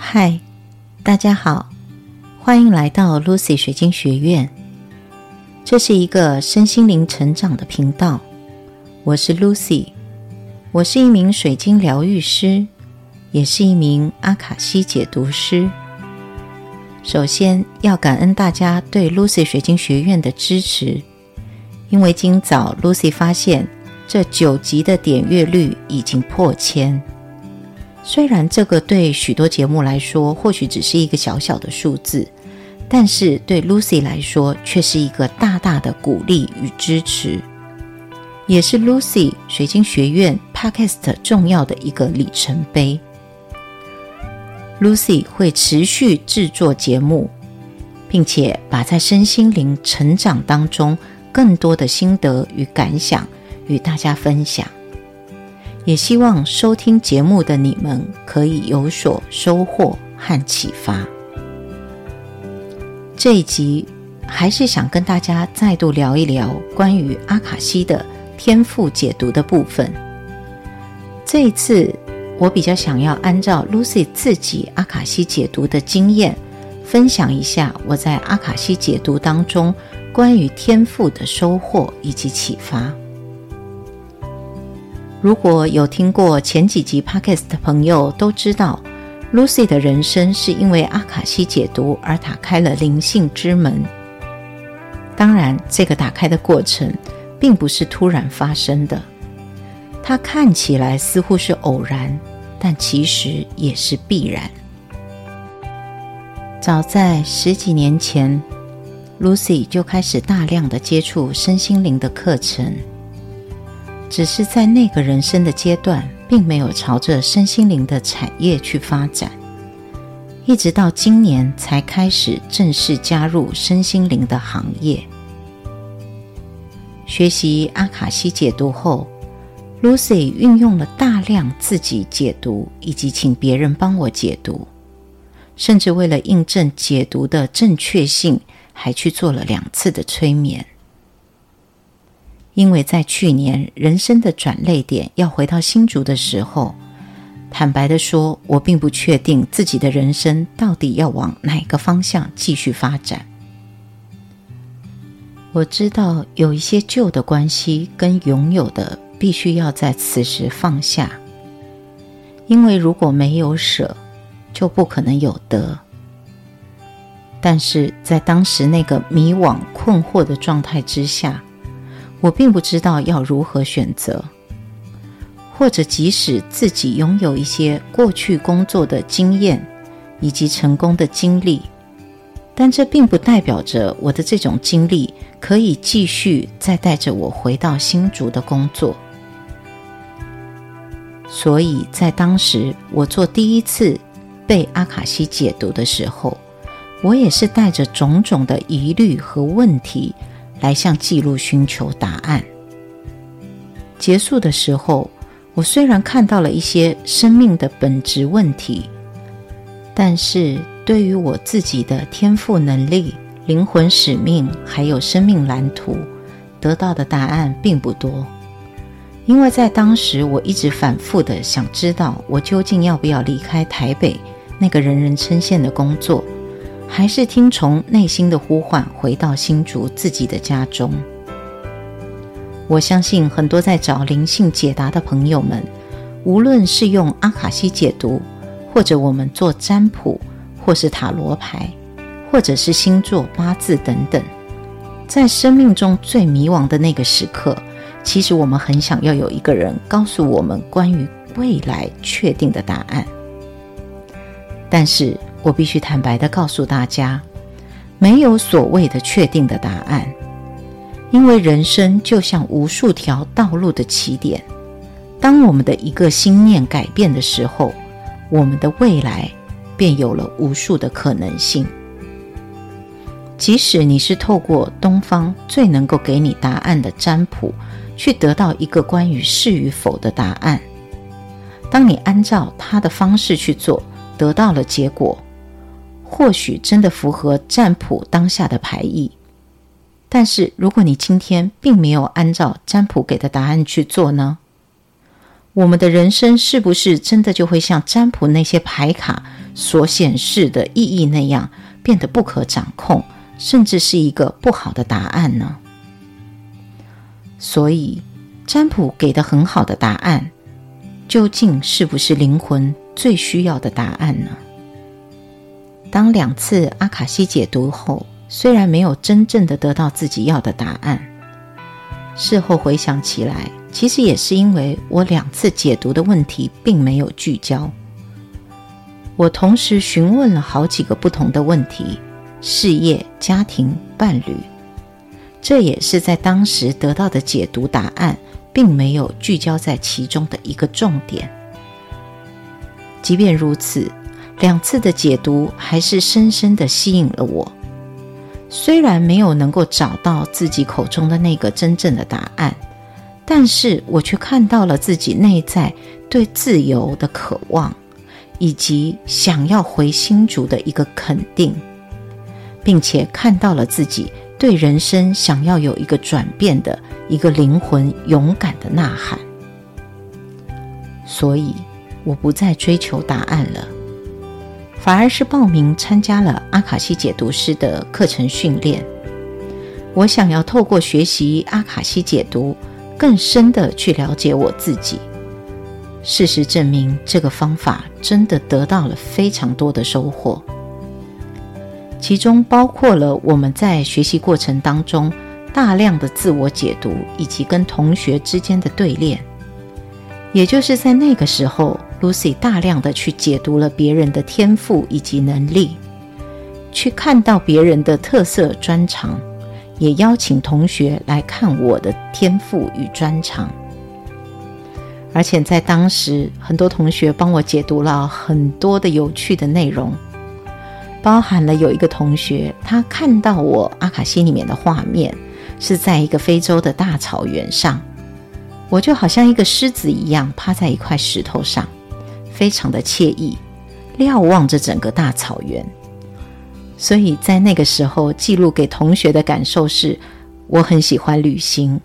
嗨，Hi, 大家好，歡迎來到 Lucy 水晶學院。這是一個身心靈成長的頻道。我是 Lucy，我是一名水晶療癒師，也是一名阿卡西解讀師。首先要感恩大家對 Lucy 水晶學院的支持，因為今早 Lucy 發現這九集的點閱率已經破千。雖然這個對許多節目來說或許只是一個小小的數字，但是對 Lucy 來說卻是一個大大的鼓勵與支持，也是 Lucy 水晶學院 Podcast 重要的一個里程碑。Lucy 會持續製作節目，並且把在身心靈成長當中更多的心得與感想與大家分享。也希望收聽節目的你們可以有所收穫和啟發。這一集還是想跟大家再度聊一聊關於阿卡西的天賦解讀的部分。這一次我比較想要按照 Lucy 自己阿卡西解讀的經驗，分享一下我在阿卡西解讀當中關於天賦的收穫以及啟發。如果有聽過前幾集 Podcast 的朋友都知道，Lucy 的人生是因為阿卡西解讀而打開了靈性之門。當然，這個打開的過程並不是突然發生的，它看起來似乎是偶然，但其實也是必然。早在十幾年前，Lucy 就開始大量的接觸身心靈的課程。只是在那個人生的階段，並沒有朝着身心靈的產業去發展，一直到今年才開始正式加入身心靈的行業。學習阿卡西解讀後，Lucy 運用了大量自己解讀，以及請別人幫我解讀，甚至為了印證解讀的正確性，還去做了兩次的催眠。因為在去年人生的轉捩點要回到新竹的時候，坦白的說，我並不確定自己的人生到底要往哪個方向繼續發展。我知道有一些舊的關係跟擁有的必須要在此時放下，因為如果沒有捨，就不可能有得。但是在當時那個迷惘困惑的狀態之下。我並不知道要如何選擇，或者即使自己擁有一些過去工作的經驗以及成功的經歷，但這並不代表着我的這種經歷可以繼續再帶着我回到新竹的工作。所以在當時我做第一次被阿卡西解讀的時候，我也是帶着種種的疑慮和問題。來向記錄尋求答案。結束的時候，我雖然看到了一些生命的本質問題，但是對於我自己的天賦能力、靈魂使命還有生命藍圖，得到的答案並不多。因為在當時，我一直反復的想知道，我究竟要不要離開台北那個人人稱羨的工作？還是聽從內心的呼喚，回到新竹自己的家中。我相信很多在找靈性解答的朋友們，無論是用阿卡西解讀，或者我們做占卜，或是塔羅牌，或者是星座、八字等等，在生命中最迷惘的那個時刻，其實我們很想要有一個人告訴我們關於未來確定的答案。但是，我必須坦白的告訴大家，沒有所謂的確定的答案，因為人生就像無數條道路的起點。當我們的一個心念改變的時候，我們的未來便有了無數的可能性。即使你是透過東方最能夠給你答案的占卜，去得到一個關於是與否的答案，當你按照他的方式去做，得到了結果。或許真的符合占卜當下的牌意，但是如果你今天並沒有按照占卜給的答案去做呢？我們的人生是不是真的就會像占卜那些牌卡所顯示的意義那樣變得不可掌控，甚至是一個不好的答案呢？所以，占卜給的很好的答案，究竟是不是靈魂最需要的答案呢？當兩次阿卡西解讀後，雖然沒有真正的得到自己要的答案，事後回想起來，其實也是因為我兩次解讀的問題並沒有聚焦。我同時詢問了好幾個不同的問題：事業、家庭、伴侶。這也是在當時得到的解讀答案，並沒有聚焦在其中的一個重點。即便如此，兩次的解讀還是深深地吸引了我，雖然沒有能夠找到自己口中的那個真正的答案，但是我卻看到了自己內在對自由的渴望，以及想要回新竹的一個肯定，並且看到了自己對人生想要有一個轉變的一個靈魂勇敢的吶喊，所以我不再追求答案了。反而是報名參加了阿卡西解讀師的課程訓練。我想要透過學習阿卡西解讀，更深的去了解我自己。事實證明，這個方法真的得到了非常多的收穫，其中包括了我們在學習過程當中大量的自我解讀，以及跟同學之間的對練。也就是在那個時候。Lucy 大量的去解讀了別人的天賦以及能力，去看到別人的特色專長，也邀請同學來看我的天賦與專長。而且在當時，很多同學幫我解讀了很多的有趣的內容，包含了有一個同學，他看到我阿卡西裡面的畫面，是在一個非洲的大草原上，我就好像一個獅子一樣趴在一塊石頭上。非常的愜意，瞭望着整個大草原。所以在那個時候，記錄給同學的感受是：我很喜歡旅行，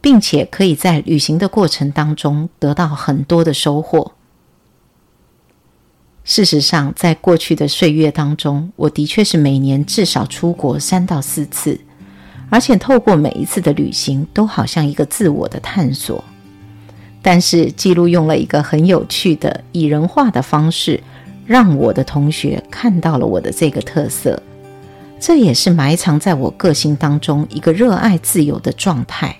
並且可以在旅行的過程當中得到很多的收穫。事實上，在過去的歲月當中，我的確是每年至少出國三到四次，而且透過每一次的旅行，都好像一個自我的探索。但是記錄用了一個很有趣的擬人化的方式，讓我的同學看到了我的這個特色，這也是埋藏在我個性當中一個熱愛自由的狀態。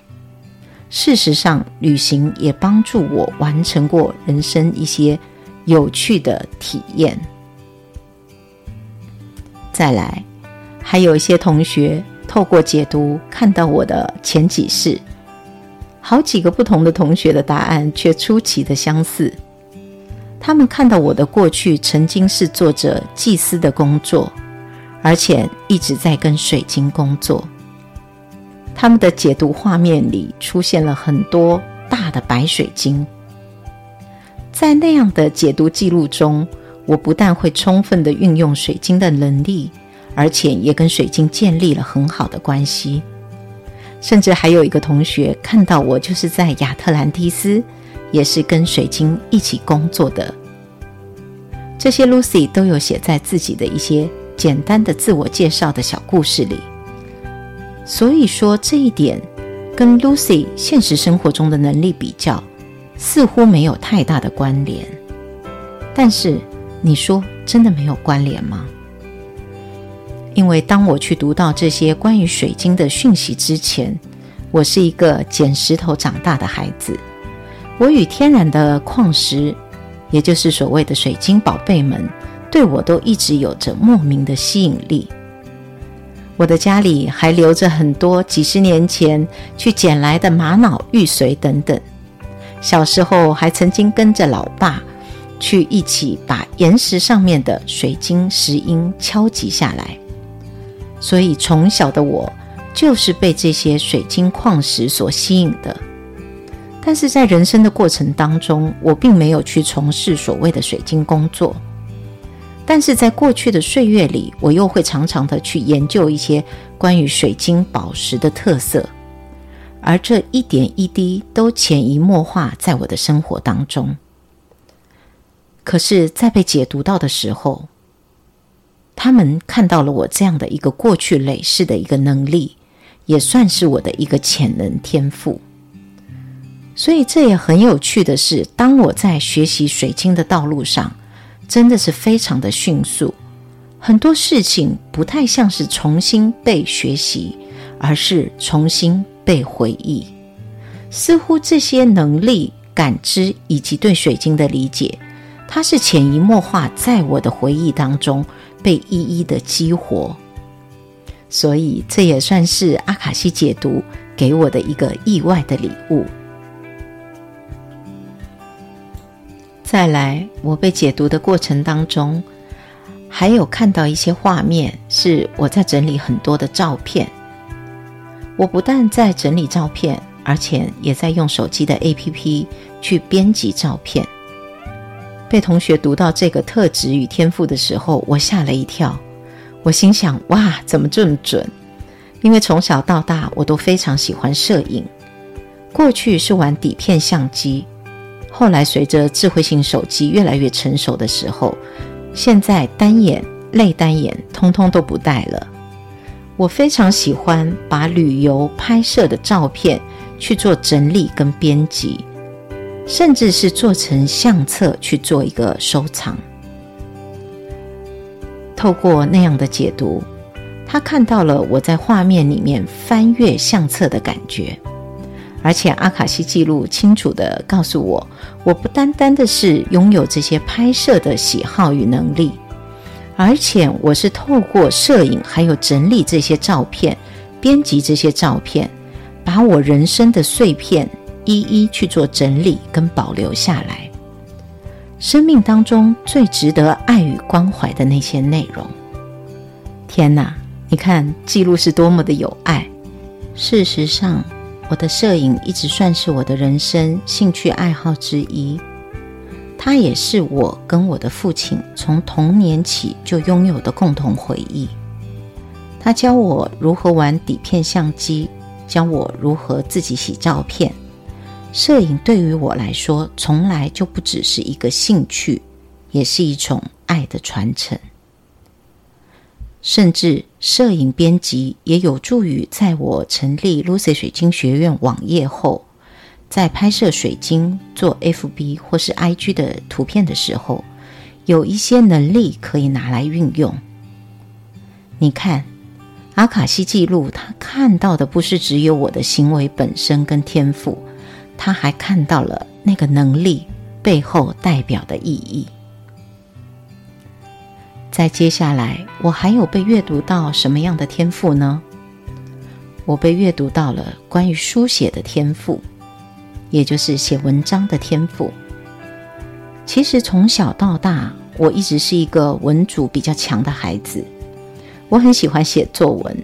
事實上，旅行也幫助我完成過人生一些有趣的體驗。再來，還有一些同學透過解讀看到我的前幾世。好幾個不同的同學的答案卻出奇的相似。他們看到我的過去曾經是做着祭司的工作，而且一直在跟水晶工作。他們的解讀畫面裡出現了很多大的白水晶。在那樣的解讀記錄中，我不但會充分的運用水晶的能力，而且也跟水晶建立了很好的關係。甚至還有一個同學看到我，就是在亞特蘭蒂斯，也是跟水晶一起工作的。這些 Lucy 都有寫在自己的一些簡單的自我介紹的小故事裡。所以說這一點跟 Lucy 現實生活中的能力比較，似乎沒有太大的關聯。但是你說真的沒有關聯嗎？因為當我去讀到這些關於水晶的訊息之前，我是一個撿石頭長大的孩子。我與天然的礦石，也就是所謂的水晶寶貝們，對我都一直有着莫名的吸引力。我的家裡還留着很多幾十年前去撿來的瑪瑙、玉髓等等。小時候還曾經跟着老爸去一起把岩石上面的水晶石英敲擊下來。所以，從小的我就是被這些水晶礦石所吸引的。但是在人生的過程當中，我並沒有去從事所謂的水晶工作。但是在過去的歲月裡，我又會常常的去研究一些關於水晶寶石的特色，而這一點一滴都潛移默化在我的生活當中。可是，在被解讀到的時候，他們看到了我這樣的一個過去累世的一個能力，也算是我的一個潛能天賦。所以這也很有趣的是，當我在學習水晶的道路上，真的是非常的迅速。很多事情不太像是重新被學習，而是重新被回憶。似乎這些能力、感知以及對水晶的理解，它是潛移默化在我的回憶當中。被一一的激活，所以這也算是阿卡西解讀給我的一個意外的禮物。再來，我被解讀的過程當中，還有看到一些畫面是我在整理很多的照片。我不但在整理照片，而且也在用手機的 APP 去編輯照片。被同學讀到這個特質與天賦的時候，我嚇了一跳。我心想：哇，怎麼這麼準？因為從小到大，我都非常喜歡攝影。過去是玩底片相機，後來隨着智慧型手機越來越成熟的時候，現在單眼、類單眼，通通都不帶了。我非常喜歡把旅遊拍攝的照片去做整理跟編輯。甚至是做成相冊去做一個收藏。透過那樣的解讀，他看到了我在畫面裡面翻閱相冊的感覺，而且阿卡西記錄清楚地告訴我，我不單單的是擁有這些拍攝的喜好與能力，而且我是透過攝影還有整理這些照片、編輯這些照片，把我人生的碎片，一一去做整理跟保留下來，生命當中最值得愛與關懷的那些內容。天哪，你看記錄是多麼的有愛！事實上，我的攝影一直算是我的人生興趣愛好之一，它也是我跟我的父親從童年起就擁有的共同回憶。他教我如何玩底片相機，教我如何自己洗照片。攝影對於我來說，從來就不只是一個興趣，也是一種愛的傳承。甚至攝影編輯也有助於在我成立 Lucy 水晶學院網頁後，在拍攝水晶做 FB 或是 IG 的圖片的時候，有一些能力可以拿來運用。你看，阿卡西記錄，他看到的不是只有我的行為本身跟天賦。他還看到了那個能力背後代表的意義。在接下來，我還有被閱讀到什麼樣的天賦呢？我被閱讀到了關於書寫的天賦，也就是寫文章的天賦。其實從小到大，我一直是一個文組比較強的孩子，我很喜歡寫作文，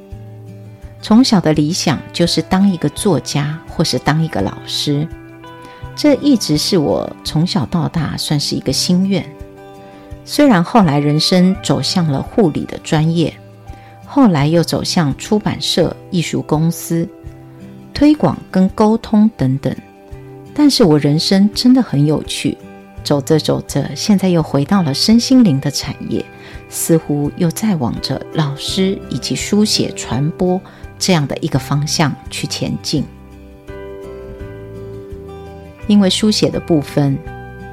從小的理想就是當一個作家。或是當一個老師，這一直是我從小到大算是一個心願。雖然後來人生走向了護理的專業，後來又走向出版社、藝術公司、推廣跟溝通等等，但是我人生真的很有趣。走着走着，現在又回到了身心靈的產業，似乎又在往着老師以及書寫、傳播這樣的一個方向去前進。因為書寫的部分，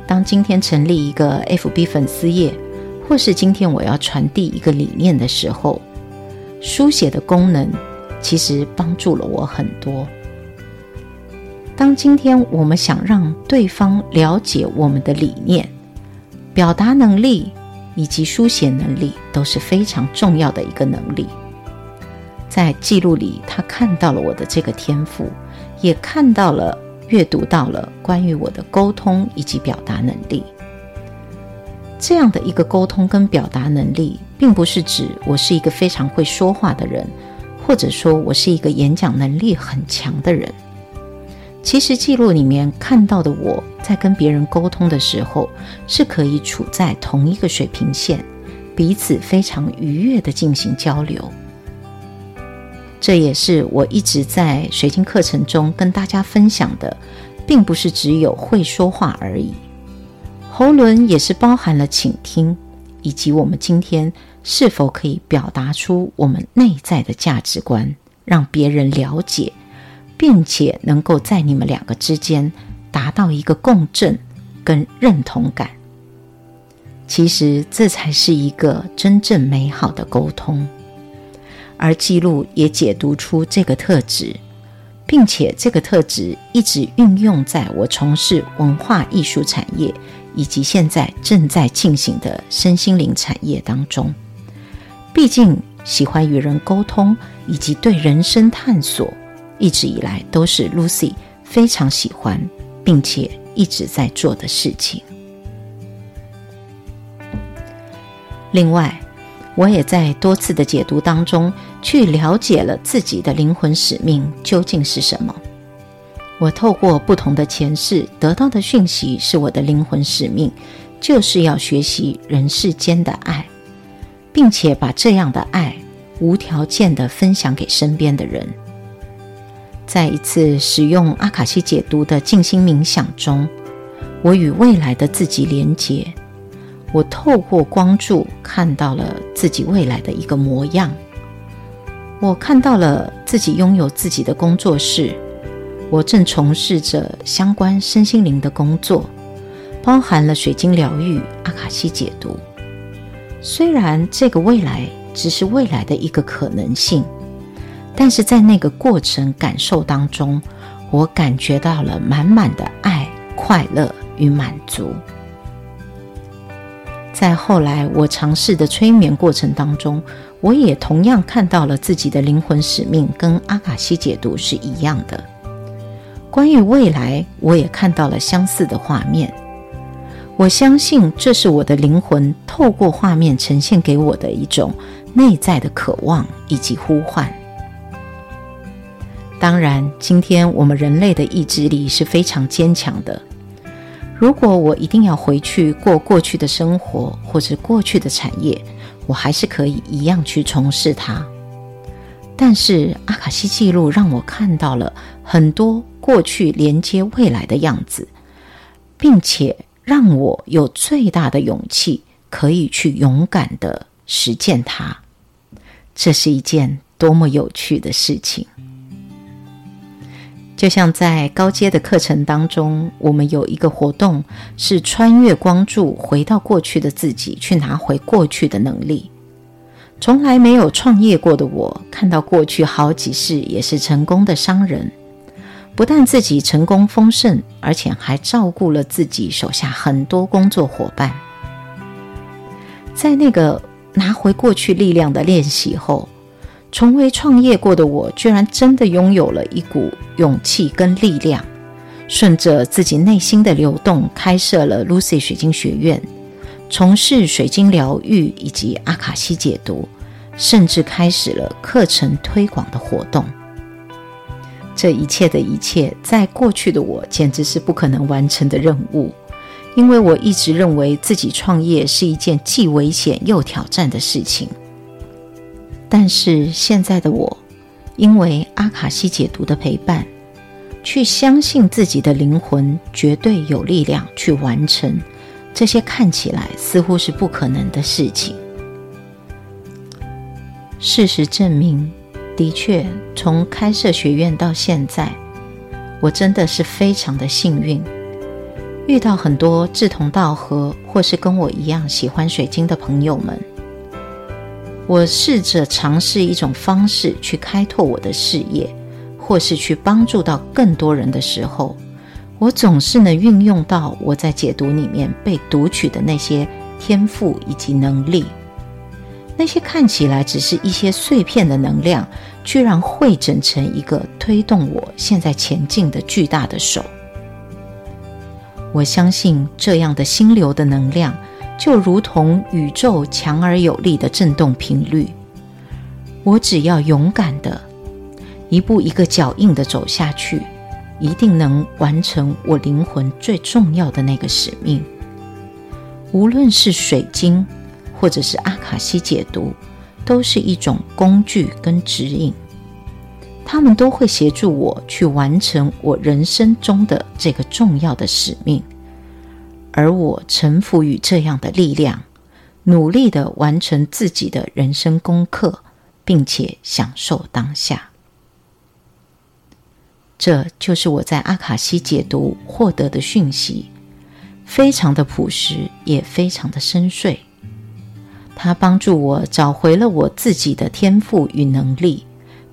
當今天成立一個 FB 粉絲頁，或是今天我要傳遞一個理念的時候，書寫的功能其實幫助了我很多。當今天我們想讓對方了解我們的理念，表達能力以及書寫能力都是非常重要的一個能力。在記錄裡，他看到了我的這個天賦，也看到了。閱讀到了關於我的溝通以及表達能力，這樣的一個溝通跟表達能力，並不是指我是一個非常會說話的人，或者說我是一個演講能力很強的人。其實記錄裡面看到的我在跟別人溝通的時候，是可以處在同一個水平線，彼此非常愉悅的進行交流。這也是我一直在水晶課程中跟大家分享的，並不是只有會說話而已。喉輪也是包含了傾聽，以及我們今天是否可以表達出我們內在的價值觀，讓別人了解，並且能夠在你們兩個之間達到一個共振跟認同感。其實這才是一個真正美好的溝通。而記錄也解讀出這個特質，並且這個特質一直運用在我從事文化藝術產業以及現在正在進行的身心靈產業當中。畢竟，喜歡與人溝通以及對人生探索，一直以來都是 Lucy 非常喜歡並且一直在做的事情。另外，我也在多次的解讀當中，去了解了自己的靈魂使命究竟是什麼。我透過不同的前世得到的訊息，是我的靈魂使命，就是要學習人世間的愛，並且把這樣的愛無條件地分享給身邊的人。在一次使用阿卡西解讀的靜心冥想中，我與未來的自己連結。我透過光柱看到了自己未來的一個模樣，我看到了自己擁有自己的工作室，我正從事着相關身心靈的工作，包含了水晶療癒、阿卡西解讀。雖然這個未來只是未來的一個可能性，但是在那個過程感受當中，我感覺到了滿滿的愛、快樂與滿足。在後來我嘗試的催眠過程當中，我也同樣看到了自己的靈魂使命，跟阿卡西解讀是一樣的。關於未來，我也看到了相似的畫面。我相信這是我的靈魂透過畫面呈現給我的一種內在的渴望以及呼喚。當然，今天我們人類的意志力是非常堅強的。如果我一定要回去過過去的生活或者過去的產業，我還是可以一樣去從事它。但是阿卡西記錄讓我看到了很多過去連接未來的樣子，並且讓我有最大的勇氣可以去勇敢地實踐它。這是一件多麼有趣的事情。就像在高階的課程當中，我們有一個活動是穿越光柱，回到過去的自己，去拿回過去的能力。從來沒有創業過的我，看到過去好幾世也是成功的商人，不但自己成功豐盛，而且還照顧了自己手下很多工作夥伴。在那個拿回過去力量的練習後。從未創業過的我，居然真的擁有了一股勇氣跟力量，順着自己內心的流動，開設了 Lucy 水晶學院，從事水晶療癒以及阿卡西解讀，甚至開始了課程推廣的活動。這一切的一切，在過去的我，簡直是不可能完成的任務，因為我一直認為自己創業是一件既危險又挑戰的事情。但是現在的我，因為阿卡西解讀的陪伴，去相信自己的靈魂絕對有力量去完成這些看起來似乎是不可能的事情。事實證明，的確，從開設學院到現在，我真的是非常的幸運，遇到很多志同道合或是跟我一樣喜歡水晶的朋友們。我試着嘗試一種方式去開拓我的事業，或是去幫助到更多人的時候，我總是能運用到我在解讀裡面被讀取的那些天賦以及能力，那些看起來只是一些碎片的能量，居然匯整成一個推動我現在前進的巨大的手。我相信這樣的心流的能量。就如同宇宙強而有力的震動頻率，我只要勇敢的，一步一個腳印的走下去，一定能完成我靈魂最重要的那個使命。無論是水晶，或者是阿卡西解讀，都是一種工具跟指引，他們都會協助我去完成我人生中的這個重要的使命。而我臣服於這樣的力量，努力的完成自己的人生功課，並且享受當下。這就是我在阿卡西解讀獲得的訊息，非常的樸實，也非常的深邃。它幫助我找回了我自己的天賦與能力，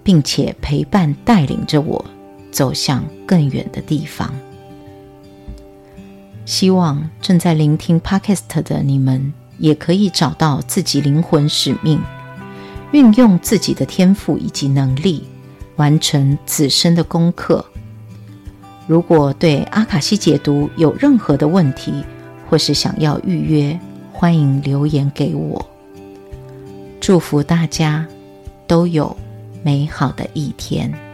並且陪伴帶領着我走向更遠的地方。希望正在聆聽 Podcast 的你們，也可以找到自己靈魂使命，運用自己的天賦以及能力，完成此生的功課。如果對阿卡西解讀有任何的問題，或是想要預約，歡迎留言給我。祝福大家都有美好的一天。